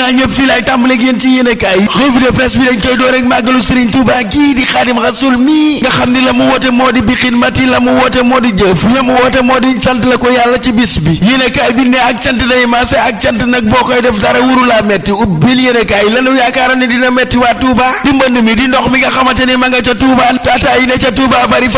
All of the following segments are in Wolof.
naa ñëpp fii laay tàmbaleeg yéen ci yéenekaay yi revue de presse bi dañ koy door rek màggalu Serigne Touba gii di Xaadim Rasul mii nga xam ni la mu woote moo di bi xidmati la mu woote moo di jëf la mu woote moo di sant la ko yàlla ci bis bi yéenekaay bi ne ak cant day maase ak cant nag boo koy def dara wuru laa metti ubbil yéenekaay yi lanu yaakaara ne dina metti waa Touba di mbënd mi di ndox mi nga xamante ni ma nga ca Touba tata yi ne ca Touba bari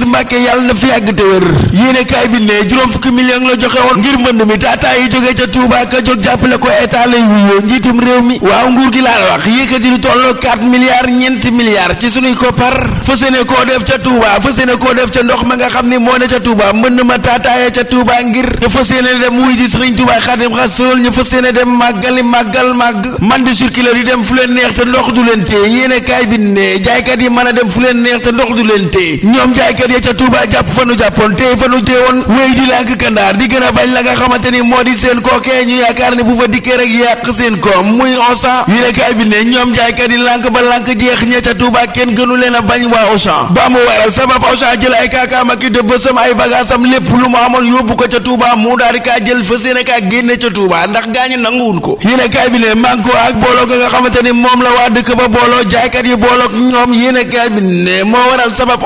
Bachir Mbacke yàlla na fi yàgg te wér yéene kaay bi ne juróom fukki million la joxe woon ngir mbënd mi taataa yi jógee ca Touba ka jóg jàppale ko état lay wuyoo njiitum réew mi waaw nguur gi laa wax yëkkati lu tolloo 4 milliards ñeenti milliards ci sunuy koppar fas yéene koo def ca Touba fas ne koo def ca ndox ma nga xam ni moo ne ca Touba mbënd ma taataaya ca Touba ngir ñu fas yéene dem wuy ji Sëriñ Touba Xaadim Rasuul ñu fas yéene dem màggali màggal màgg man di circuler di dem fu leen neex te ndox du leen tee yéene kaay bi ne jaaykat yi mën a dem fu leen neex te ndox du leen tee ñoom jàngalekat ya ca Touba jàpp fa nu jàppoon téye fa nu téewoon wéy di lànk kandaar di gën a bañ la nga xamante ni moo di seen kookee ñu yaakaar ne bu fa dikkee rek yàq seen koom muy Auchan yéenekaay bi ne ñoom jaaykat yi lànk ba lànk jeex ña ca Touba kenn gënu leen a bañ waa Auchan ba mu waral sabab Auchan jël ay kaakaam ak i dëbbasam ay bagaasam lépp lu mu amoon yóbbu ko ca Touba mu daal di kaa jël fa seen kaa génne ca Touba ndax gaañu nanguwun ko yéenekaay bi ne manko ak booloo ga nga xamante la waa dëkk ba booloo jaaykat yi booloo ñoom yéenekaay bi ne moo waral sabab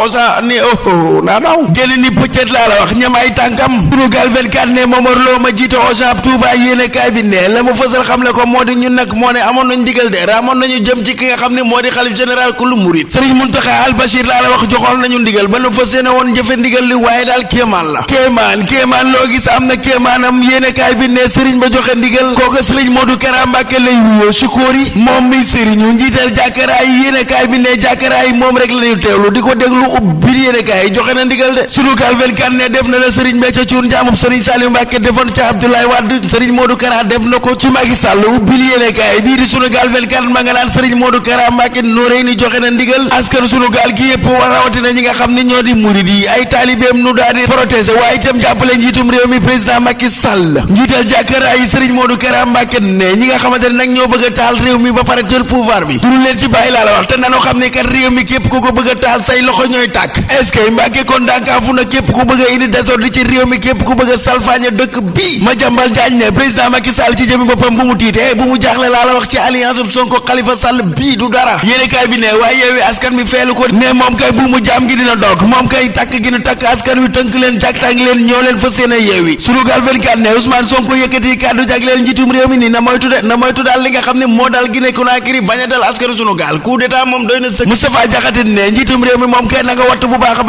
naa daw génn ni pëccët laa la wax ñam ay tànkam sunu gaal 24 ne Momar Lo ma jiite OJAB Touba yéene kaay bi ne la mu fësal xam le ko moo di ñun nag moo ne amoon nañ digal de raamoon nañu jëm ci ki nga xam ne moo di xalif général kulu murit Serigne Mountakha Al Bachir laa la wax joxoon nañu ndigal ba nu fas yéene woon jëfe ndigal li waaye daal kéemaan la kéemaan loo gis am na kéemaanam yéene bi ne Serigne ba joxe ndigal kooka Serigne Modou Kara Mbacké lay wuyoo Sikori moom mi Serigne njiital jàkkaraay Ndiaye joxe na ndigal ni joxe na ndigal askan sunu gaal gi yëpp war rawatina ñi nga xam ay taalibeem nu daal di waaye itam jàppale njiitum réew mi président Macky Sall njiital jàkkara yi Serigne Modou Kara Mbacké ne ñi nga xamante nag ñoo bëgg a taal réew mi ba pare jël pouvoir bi dul leen ci bàyyi laa la wax te xam ne kat réew mi képp ku ko bëgg a taal say loxo ñooy tàkk kay Mbàkke kon na képp ku bëgg a indi désordre ci réew mi képp ku bëgg a dëkk bii ma jàmbal jaañ ne président Macky Sall ci jëmi boppam bu mu tiite bu mu jaaxle laa la wax ci alliance bu Sonko Khalifa Sall bii du dara yéene bi ne waaye yeewi askan bi feelu ko ne moom kay bu mu jaam gi dina dog moom kay tàkk gi nu tàkk askan wi tënk leen jàktaang leen ñoo leen fas yeewi a dal sunu gaal coup d'état ne njiitum réew mi moom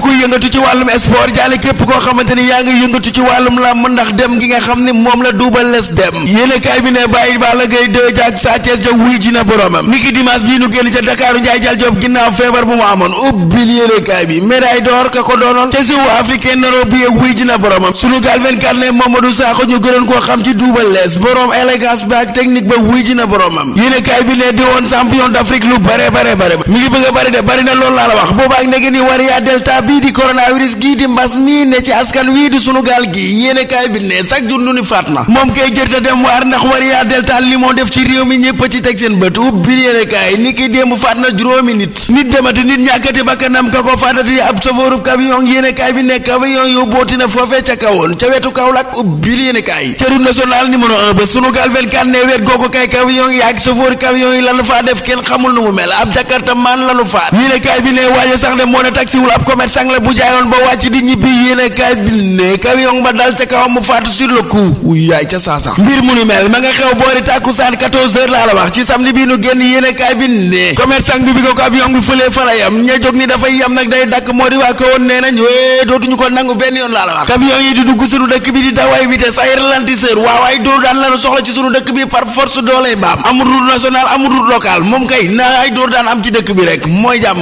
képp kuy yëngatu ci wàllum sport jaale képp koo xamante ni yaa ngi yëngatu ci wàllum làmb ndax dem gi la Double Less dem yéenekaay bi ne bàyyi Balla Gaye 2 wuy ji na boromam niki dimanche bii nu génn ca Dakaaru Njaay jal Joob ko xam ci Double Less borom élégance ba ak technique ba wuy ji na boromam yéenekaay bi ne di woon champion d'Afrique lu bare bare bare mi ngi bëgg a bari de bari na laa la wax boobaak negi ni wariya delta bii di coronavirus gii di mbas mii ne ci askan wii di sunu gaal gi yéene kaay bi ne chaque jour lu ni faat na moom kay jërta dem waar ndax variant delta li moo def ci réew mi ñëpp ci teg seen bët ubbi yéene kaay ni ki démb faat na juróomi yéene kaay bi ne camion yu na foofee yéene kaay ca ne kaay bi ne waaje sax moo ne taxiwul ab commerce sang la bu jaayoon ba wàcc di ñibbi yéen kaay bi ne camion ba dal ca kawam faatu sur le coup wuy yaay ca saasa mbir mu ni mel ma nga xew boori tàkkusaan 14 heures laa la wax ci samedi bii nu génn yéen bi ne commerçant bi bi ko camion bi fëlee fara yam ña jóg ni dafay yam nag day dakk moo di waa nee nañ wee dootuñu ko nangu benn yoon laa la wax camion yi di dugg sunu dëkk bi di dawaay vitesse ay ralentisseur waawaay dóor daan lanu soxla ci bi par force doolee mbaam amul moom kay na ay dóor daan am ci dëkk bi rek mooy jàmm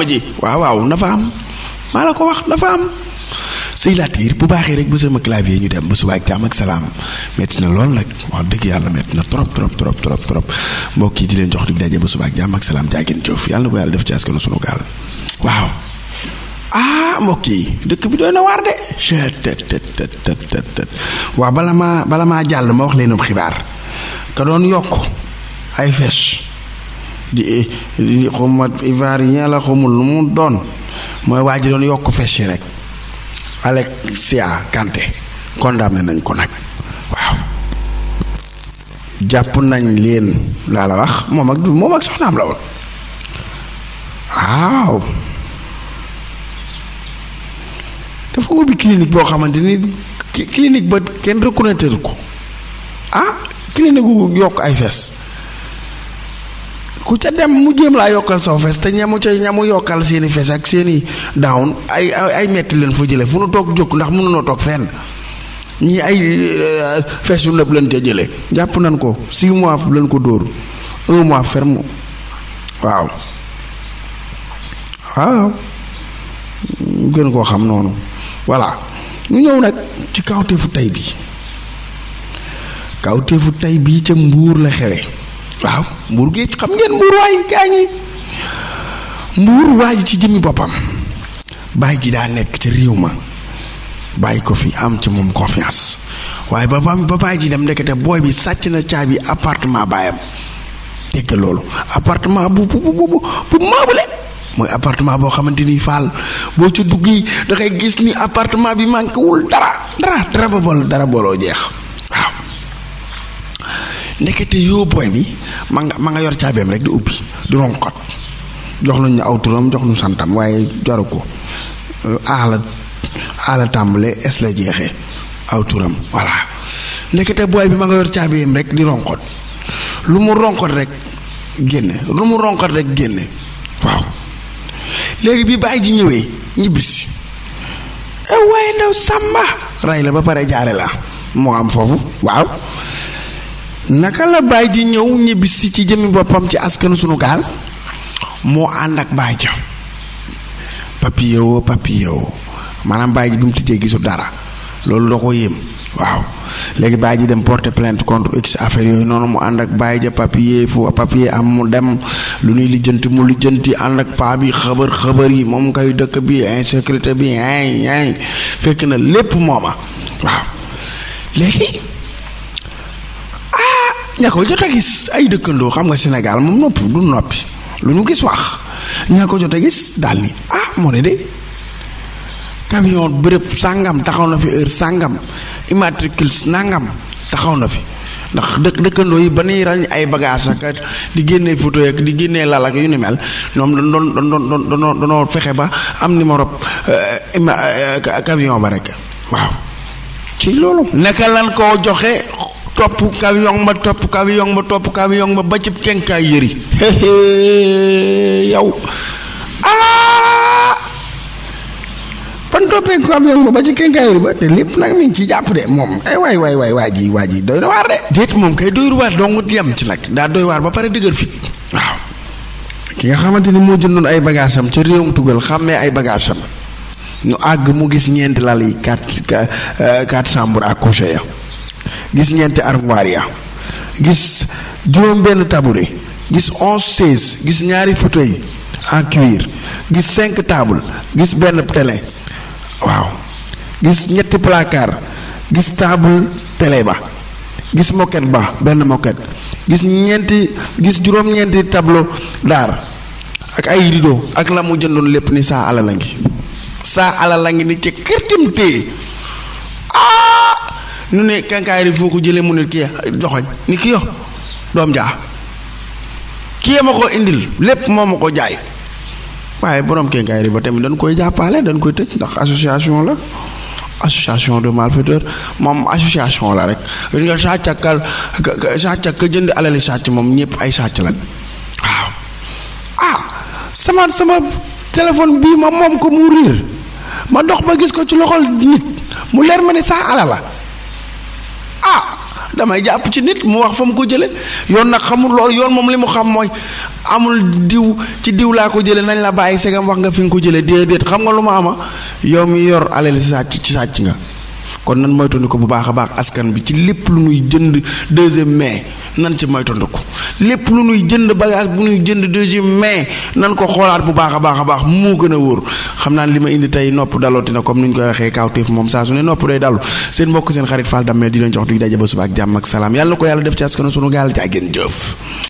maa la ko wax dafa am sëy bu baaxee rek ba sama clavier ñu dem ba suba ak jàmm ak salaam metti na lool nag wax dëgg yàlla metti na trop trop trop trop trop mbokk yi di leen jox dig daje ba suba ak jàmm ak salaam jaagin jëf yàlla na ko yàlla def ci askanu sunu gaal waaw ah mbokk yi dëkk bi doy na waar de bala maa bala maa jàll ma wax leen ab xibaar ka doon yokk ay fees di xawma ivoirien la xamul lu mu doon mooy waa ji doon yokk fecc rek Alexia Kanté condamné nañ ko nag waaw jàpp nañ leen laa la wax moom ak du moom ak soxnaam la woon waaw dafa ubbi clinique boo xamante ni clinique ba kenn reconnaître ko ah clinique yokk ay fees ku ca dem mu jéem laa yokkal soo fes te ñamu ca ñamu yokkal seen i fes ak seen i down ay ay metti leen fa jële fu nu toog jóg ndax mënunoo toog fenn ñii ay euh, fes yu nëb leen ca jële jàpp nañ ko six mois leen ko dóor mois ferme waaw waaw gën koo xam noonu voilà ñu ñëw nag ci kawteefu tey bi kawteefu tey bii ca mbuur la xewe waaw mbuur géej xam ngeen mbuur waay gaa ngi mbuur waay ci jëmmi boppam bàyyi ji daa nekk ca réew ma bàyyi ko fi am ci moom confiance waaye ba ba bàyyi ji dem ndekete booy bi sàcc na caabi appartement baayam dégg loolu appartement bu bu bu bu maabule mooy appartement boo xamante ni faal boo ci dugg yi gis ni appartement bi manqué wul dara dara dara ba bol dara booloo jeex ndekete yoo booy bi man nga ma nga yor caabeem rek di ubbi di ronkot jox nañ nañu aw turam jox nu santam waaye jaru ko euh, aala aala tàmbale es la jeexee aw turam voilà ndekete booy bi ma nga yor caabeem rek di ronkot lu mu ronkot rek génne lu mu ronkot rek génne waaw léegi bi bàyyi ji ñëwee ñibbisi eh, waaye ndaw sàmba rey la ba pare jaare la moo am foofu waaw naka la baay ji ñëw ñibbisi ci jëmmi boppam ci askanu sunu gaal moo ànd ak baay ja papiyewoo papiyewoo maanaam baay ji bi mu tijjee gisu dara loolu da ko yéem waaw léegi baay ji dem porter plainte contre x affaire yooyu noonu mu ànd ak baay ja papier fu papier am mu dem lu ñuy lijjanti mu lijjanti ànd ak paa bi xabar xabar yi moom kay dëkk bi insécurité bi ay ay fekk na lépp mooma waaw léegi ña ko jot a gis ay dëkkandoo xam nga Sénégal moom noppi du noppi lu ñu gis wax ña ko jot a gis daal ni ah moo ne de camion béréb sàngam taxaw na fi heure sàngam immatricule nangam taxaw na fi ndax dëkk dëkkandoo yi ba nuy rañ ay bagage ak di génnee photo ak di génnee lal ak yu ni mel ñoom doon doon doon doon fexe ba am numéro euh, euh, camion ba rek waaw ci loolu. naka lan koo joxe. topp kawiyoŋ ma topp kawiyoŋ ba topp kawiyoŋ ba ba ci kenkaay yëri yow ah ban toppee kawiyoŋ ba ba ci kenkaay yëri ba te lépp nag mi ngi ciy jàpp de moom ay eh, waay waay waay waa ji waa ji doy na waar de déet moom kay doyul waar dong yem ci nag daa doy waar ba pare dëgër fit waaw ki nga xamante ni moo jëndoon ay bagaasam ca réewum tugal xàmmee ay bagaasam ñu àgg mu gis ñeenti lal yi quatre quatre euh, chambre à ya gis ñeenti armoire ya gis juróom benn tabouret gis onze seize gis ñaari fauteuil en cuir gis cinq table gis benn télé waaw gis ñetti placard gis table télé ba gis moquette ba benn moquette gis ñeenti gis juróom-ñeenti tableau daar ak ay rideau ak la mu jëndoon lépp ni saa alal la ngi saa alal la ngi ni ci kërtim nu ne kenkaayri foo ko jëlee mu ne kii joxoñ ni ki yo doom jaa kii ma ko indil lépp moo ma ko jaay waaye borom kenkaayri ba tamit dañ koy jàppale dañ koy tëj ndax association la association de malfaiteurs moom association la rek li nga sàcc ak jënd alali sàcc moom ñëpp ay sàcc lañ waaw ah sama sama téléphone bii ma moom ko mu riir ma dox ba gis ko ci loxol nit mu leer ma ne saa ala damay jàpp ci nit mu wax fa mu ko jële yoon nag xamul loolu yoon moom li mu xam mooy amul diw ci diw laa ko jële nañ la bàyyi segam wax nga fi nga ko jële déedéet xam nga lu ma ama yow mi yor alal sàcc ci sàcc nga kon nan ko bu baax a baax askan bi ci lépp lu nuy jënd deuxième mais nan ci moytandiku lépp lu nuy jënd bagage bu nuy jënd deuxième mai nan ko xoolaat bu baax a baax a baax moo gën a wóor xam naa li ma indi tey nopp dalooti na comme ni ñu koy waxee kaawteef moom saa su ne nopp day dalu seen mbokk seen xarit Fall Dammel di jox du daje suba ak jàmm ak salaam yàlla na ko yàlla def ci askanu sunu gaal ci jëf